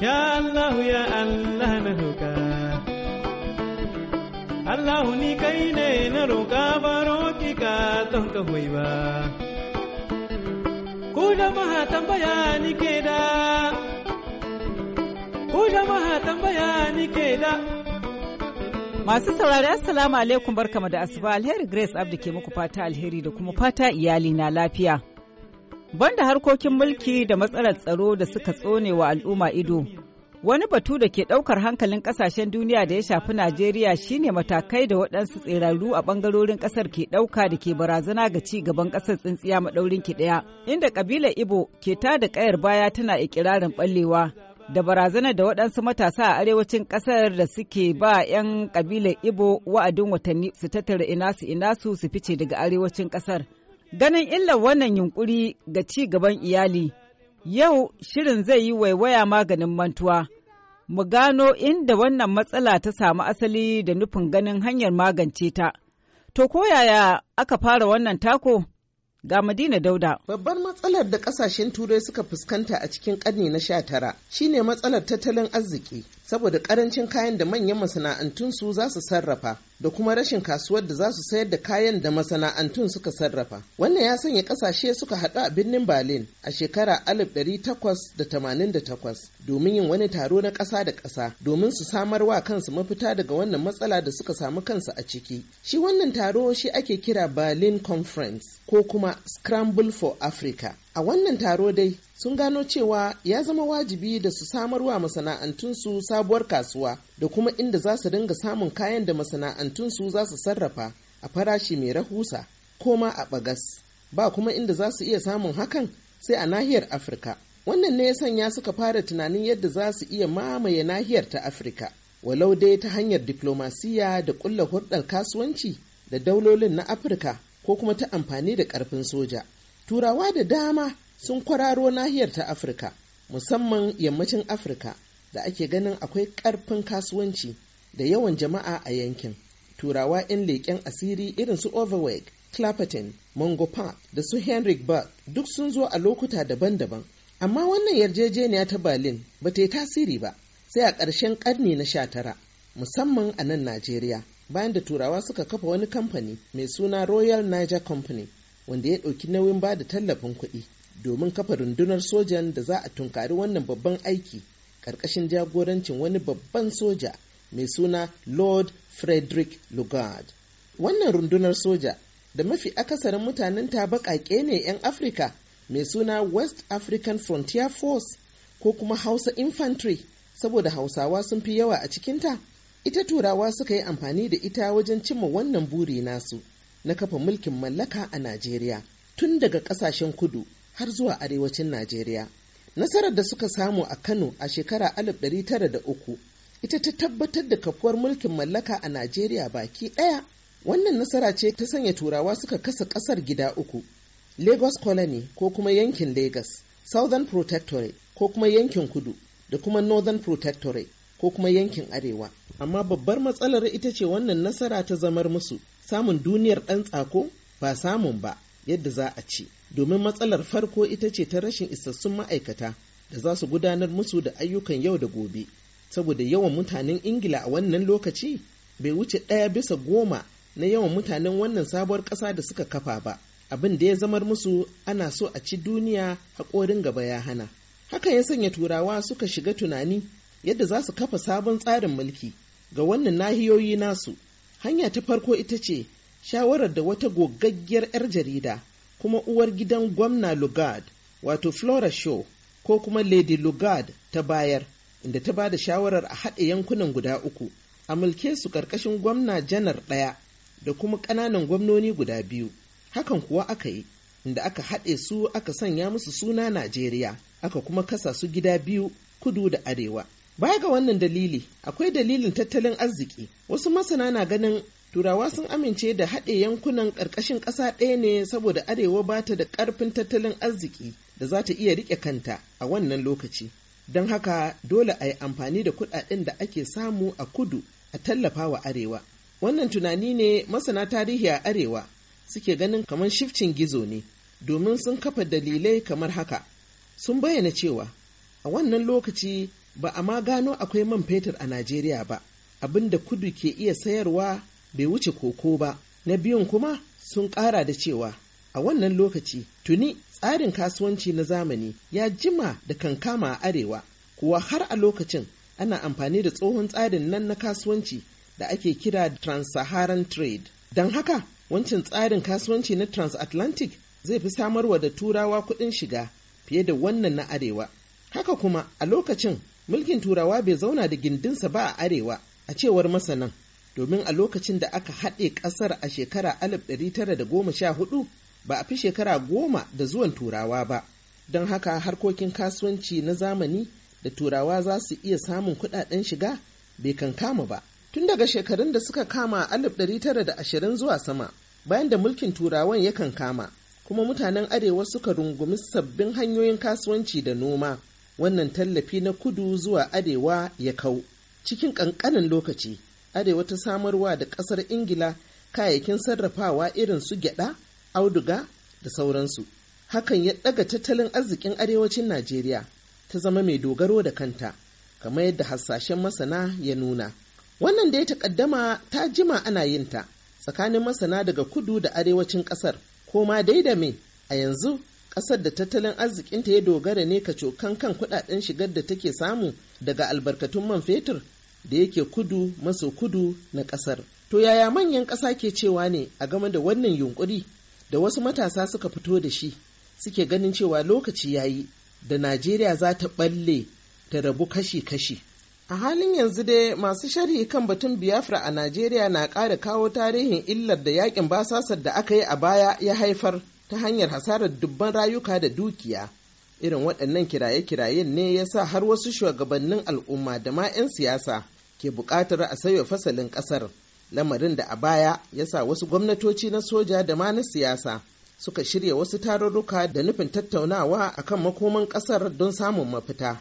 Ya Allah ya Allah na roƙa Allah ni kai ne na roƙa baro ki ka don ka hoyi ba Ku jama'a tambaya ni ke da Ku jama'a tambaya ni ke da Masu saurari assalamu alaikum barkama da asuba alheri Grace Abdi ke muku fata alheri da kuma fata iyali na lafiya. Banda harkokin mulki da matsalar tsaro da suka tsone wa al'umma ido. Wani batu da ke ɗaukar hankalin ƙasashen duniya da ya shafi Najeriya shine matakai da waɗansu tsirarru a ɓangarorin ƙasar ke ɗauka da ke barazana ga ci gaban ƙasar tsintsiya maɗaurin ki ɗaya, inda ƙabilar Ibo ke ta da ƙayar baya tana ikirarin ɓallewa. Da barazana da waɗansu matasa a arewacin ƙasar da suke ba 'yan ƙabilar Ibo wa'adin watanni su tattara inasu su su su fice daga arewacin ƙasar. Ganin illar wannan yunkuri ga ci gaban iyali, yau shirin zai yi waiwaya maganin mantuwa. Mu gano inda wannan matsala ta samu asali da nufin ganin hanyar magance ta. To ko yaya aka fara wannan tako? ga Madina Dauda. Babbar matsalar da kasashen turai suka fuskanta a cikin karni na sha tara shine matsalar tattalin arziki saboda karancin kayan da manyan masana'antun su za su sarrafa da kuma rashin kasuwar da za su sayar da kayan da masana'antun suka sarrafa. Wannan ya sanya kasashe suka haɗu a birnin Berlin a shekara 1888 domin yin wani taro na ƙasa da ƙasa domin su samar wa kansu mafita daga wannan matsala da suka samu kansu a ciki. Shi wannan taro shi ake kira Berlin Conference ko kuma Scramble for Africa. A wannan taro dai sun gano cewa ya zama wajibi da su samar wa masana'antunsu sabuwar kasuwa da kuma inda za su dinga samun kayan da masana'antunsu za su sarrafa a farashi mai rahusa ko ma a bagas. Ba kuma inda za su iya samun hakan sai a nahiyar Afirka. Wannan ne ya sanya suka fara tunanin yadda za su iya mamaye nahiyar ta Afirka, walau dai ta hanyar diplomasiya da ƙulla hulɗar kasuwanci da daulolin na Afirka ko kuma ta amfani da ƙarfin soja. Turawa da dama sun kwararo nahiyar ta Afirka, musamman yammacin Afirka da ake ganin akwai ƙarfin kasuwanci da yawan jama'a a yankin. Turawa 'yan leƙen asiri irin su Overweg, Clapperton, Mongo da su Henrik Burke duk sun zo a lokuta daban-daban Amma wannan yarjejeniya ta Berlin ba ta yi tasiri ba sai a ƙarshen ƙarni na sha tara, musamman a nan Najeriya bayan da turawa suka kafa wani kamfani mai suna Royal Niger Company wanda ya ɗauki nauyin ba da tallafin kuɗi domin kafa rundunar sojan da za a tunkari wannan babban aiki ƙarƙashin jagorancin wani babban soja mai suna Lord Frederick Lugard. Wannan rundunar soja da mafi akasarin mutanen ta baƙaƙe ne 'yan Afirka mai suna west african frontier force ko kuma hausa infantry saboda hausawa sun fi yawa a cikinta ita turawa suka yi amfani da ita wajen cimma wannan buri nasu na kafa mulkin mallaka a najeriya tun daga kasashen kudu har zuwa arewacin najeriya nasarar da suka samu a kano a shekara 1903 ita ta tabbatar da kafuwar mulkin mallaka a najeriya baki ɗaya wannan nasara ce ta sanya turawa suka kasa ƙasar gida uku lagos colony ko kuma yankin lagos southern protectorate ko kuma yankin kudu da kuma northern protectorate ko kuma yankin arewa amma babbar matsalar ita ce wannan nasara ta zamar musu samun duniyar ɗan tsako ba samun ba yadda za a ci domin matsalar farko ita ce ta rashin isassun ma'aikata da za su gudanar musu da ayyukan yau da gobe saboda yawan mutanen ingila a wannan lokaci bai wuce ɗaya bisa goma na yawan mutanen wannan sabuwar ƙasa da suka kafa ba abin da ya zamar musu ana so a ci duniya haƙorin gaba ya hana hakan ya sanya turawa suka shiga tunani yadda za su kafa sabon tsarin mulki ga wannan nahiyoyi nasu hanya ta farko ita ce shawarar da wata gogaggiyar 'yar jarida kuma uwar gidan gwamna lugard wato flora show ko kuma lady lugard ta bayar inda ta ba da shawarar a haɗe yankunan guda uku a mulke su ƙarƙashin gwamna janar ɗaya da kuma ƙananan gwamnoni guda biyu hakan kuwa aka yi inda aka haɗe su aka sanya musu suna najeriya aka kuma kasa su gida biyu kudu da arewa baya ga wannan dalili akwai dalilin tattalin arziki wasu masana na ganin turawa sun amince da haɗe yankunan ƙarƙashin ƙasa ɗaya ne saboda arewa ba ta da ƙarfin tattalin arziki da za ta iya riƙe kanta a wannan lokaci don haka dole a yi amfani da kuɗaɗen da ake samu a kudu a tallafa wa arewa wannan tunani ne masana tarihi a arewa suke ganin kamar shifcin gizo ne domin sun kafa dalilai kamar haka sun bayyana cewa a wannan lokaci ba a ma gano akwai man fetur a najeriya ba abin da kudu ke iya sayarwa bai wuce koko ba na biyun kuma sun ƙara da cewa a wannan lokaci tuni tsarin kasuwanci na zamani ya jima da kankama a arewa kuwa har a lokacin ana amfani da tsohon tsarin nan na kasuwanci da ake kira trans-saharan trade don haka wancan tsarin kasuwanci na transatlantic zai fi samarwa da turawa kuɗin shiga fiye da wannan na arewa haka kuma a lokacin mulkin turawa bai zauna da gindinsa ba a arewa a cewar masanan domin a lokacin da aka haɗe ƙasar a shekara 1914 ba a fi shekara goma da zuwan turawa ba don haka harkokin kasuwanci na zamani da turawa za su iya samun kuɗaɗen shiga bai kankama ba tun daga shekarun da suka kama 1920 zuwa sama bayan da mulkin turawan yakan kama kuma mutanen arewa suka rungumi sabbin hanyoyin kasuwanci da noma wannan tallafi na kudu zuwa arewa ya kau cikin ƙanƙanin lokaci arewa ta samarwa da ƙasar ingila kayayyakin sarrafawa irin su gyada auduga da sauransu hakan ya ɗaga tattalin arzikin arewacin najeriya ta zama mai dogaro da kanta kamar yadda hasashen masana ya nuna Wannan da ya takaddama ta jima ana yin ta tsakanin masana daga kudu da arewacin ƙasar, ko ma dai da me a yanzu ƙasar da tattalin arzikinta ya dogara ne ka cokan kan kuɗaɗen shigar da take samu daga albarkatun man fetur da yake kudu maso kudu na ƙasar. To yaya manyan ƙasa ke cewa ne a game da wannan yunƙuri da wasu matasa suka fito da shi suke ganin cewa lokaci ya yi da Najeriya za ta ɓalle ta rabu kashi-kashi. A halin yanzu dai masu sharhi kan batun Biafra a Najeriya na ƙara kawo tarihin illar da yakin basasar da aka yi a baya ya haifar ta hanyar hasarar dubban rayuka da dukiya. Irin waɗannan kiraye-kirayen ne ya sa har wasu shugabannin al'umma da ma 'yan siyasa ke buƙatar a sauya fasalin ƙasar. Lamarin da a baya ya sa wasu gwamnatoci na soja da ma na siyasa suka shirya wasu tarurruka da nufin tattaunawa akan makoman ƙasar don samun mafita.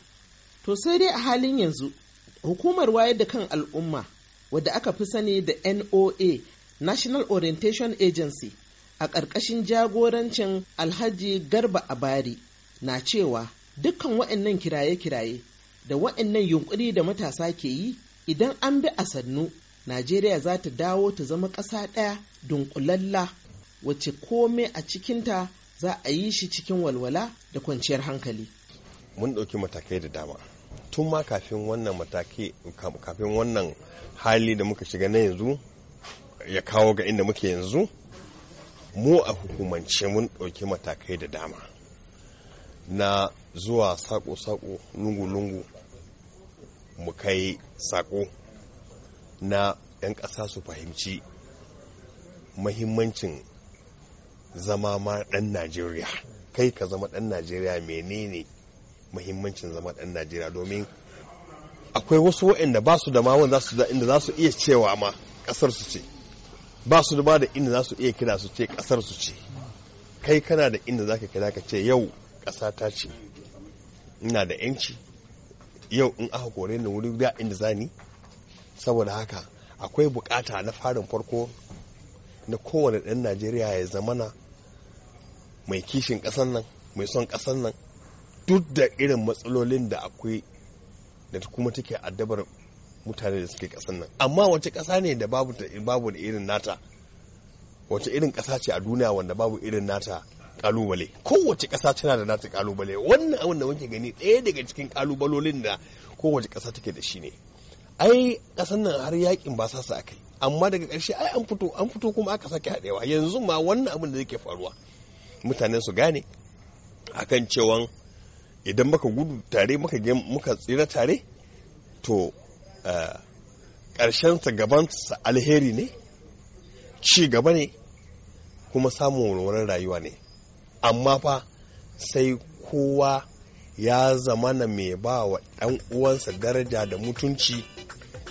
To sai dai a halin yanzu Hukumar wayar da kan al'umma wadda aka fi sani da NOA National Orientation Agency a ƙarƙashin jagorancin Alhaji Garba Abari na cewa dukkan waɗannan kiraye-kiraye da waɗannan yunkuri da matasa ke yi idan an bi a sannu Najeriya za ta dawo ta zama ƙasa ɗaya dunkulalla wacce kome a cikinta za a yi shi cikin walwala da kwanciyar hankali. Mun ɗauki matakai da dama. tun ma kafin wannan mataki kafin wannan hali da muka shiga na yanzu ya kawo ga inda muke yanzu mu a hukumance mun ɗauki matakai da dama na zuwa sako-sako lungu-lungu mu kai sako na 'yan ƙasa su fahimci mahimmancin zama ma ɗan najeriya kai ka zama ɗan najeriya menene muhimmancin zama ɗan najeriya domin akwai wasu waɗanda ba su da ma wanda da inda za su iya cewa ma ƙasar su ce ba su da ba da inda za su iya kira su ce ƙasar su ce kai kana da inda za ka kira ka ce yau ƙasa ta ce ina da yanci yau in aka kore ni wuri da inda za ni saboda haka akwai bukata na farin farko na kowane ɗan najeriya ya zamana mai kishin ƙasar nan mai son ƙasar nan duk da irin matsalolin da akwai da kuma take addabar mutane da suke kasan nan amma wace kasa ne da babu da irin nata wace irin kasa ce a duniya wanda babu irin nata kalubale kowace kasa tana da nata kalubale wannan abin da muke gani ɗaya daga cikin kalubalolin da kowace kasa take da shi ne ai kasan nan har yakin ba sa akai amma daga ƙarshe ai an fito an fito kuma aka sake haɗewa yanzu ma wannan abin da yake faruwa mutane su gane akan cewa idan muka gudu tare muka tsira tare to eh, ƙarshensa gabansa alheri ne ci gaba ne kuma samun walwalar rayuwa ne amma fa sai kowa ya zamana mai ba wa ɗan uwansa daraja da mutunci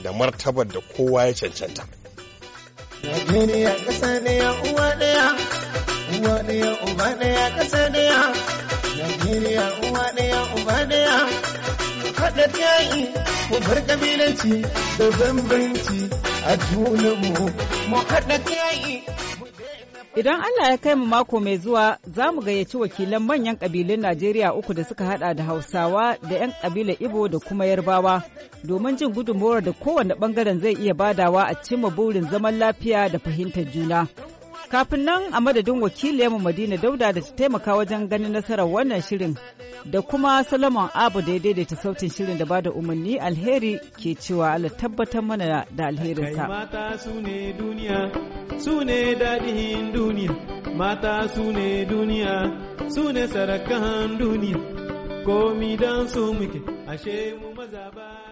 da martabar da kowa ya cancanta. Najeriya ƙasa ne ya uwa ɗaya, uwa ɗaya, uba ɗaya ƙasa ɗaya. Idan Allah ya kai mu mako mai zuwa za mu gayyaci wakilan manyan ƙabilun Najeriya uku da suka hada da Hausawa da 'yan ƙabilar Ibo da kuma Yarbawa domin jin gudunmawar da kowane ɓangaren zai iya badawa a cimma burin zaman lafiya da fahimtar juna. Kafin nan a madadin wakiliyarmu Madina Dauda da ta taimaka wajen ganin nasarar wannan shirin da kuma Solomon Abu da ya daidaita sautin shirin da bada umarni alheri ke cewa ala tabbatar mana da alherinsa. Kai mata su ne duniya, su ne daɗin duniya, mata su ne duniya, su ne sarakan duniya, komi don su muke, ashe mu maza ba.